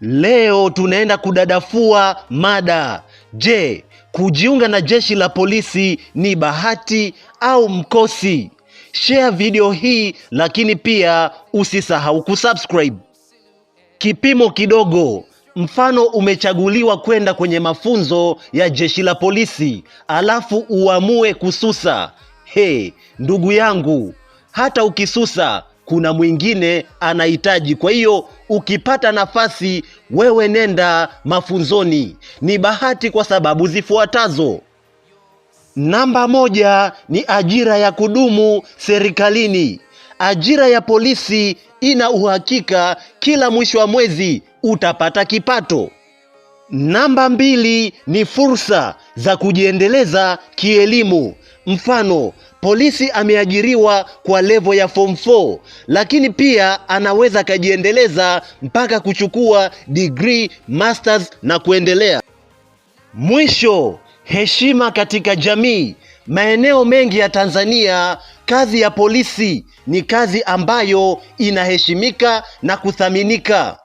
Leo tunaenda kudadafua mada. Je, kujiunga na jeshi la polisi ni bahati au mkosi? Share video hii, lakini pia usisahau kusubscribe. Kipimo kidogo. Mfano, umechaguliwa kwenda kwenye mafunzo ya jeshi la polisi, alafu uamue kususa. He, ndugu yangu, hata ukisusa kuna mwingine anahitaji. Kwa hiyo ukipata nafasi, wewe nenda mafunzoni. Ni bahati kwa sababu zifuatazo. Namba moja ni ajira ya kudumu serikalini. Ajira ya polisi ina uhakika, kila mwisho wa mwezi utapata kipato. Namba mbili ni fursa za kujiendeleza kielimu, mfano Polisi ameajiriwa kwa levo ya form 4, lakini pia anaweza akajiendeleza mpaka kuchukua degree, masters na kuendelea. Mwisho, heshima katika jamii. Maeneo mengi ya Tanzania, kazi ya polisi ni kazi ambayo inaheshimika na kuthaminika.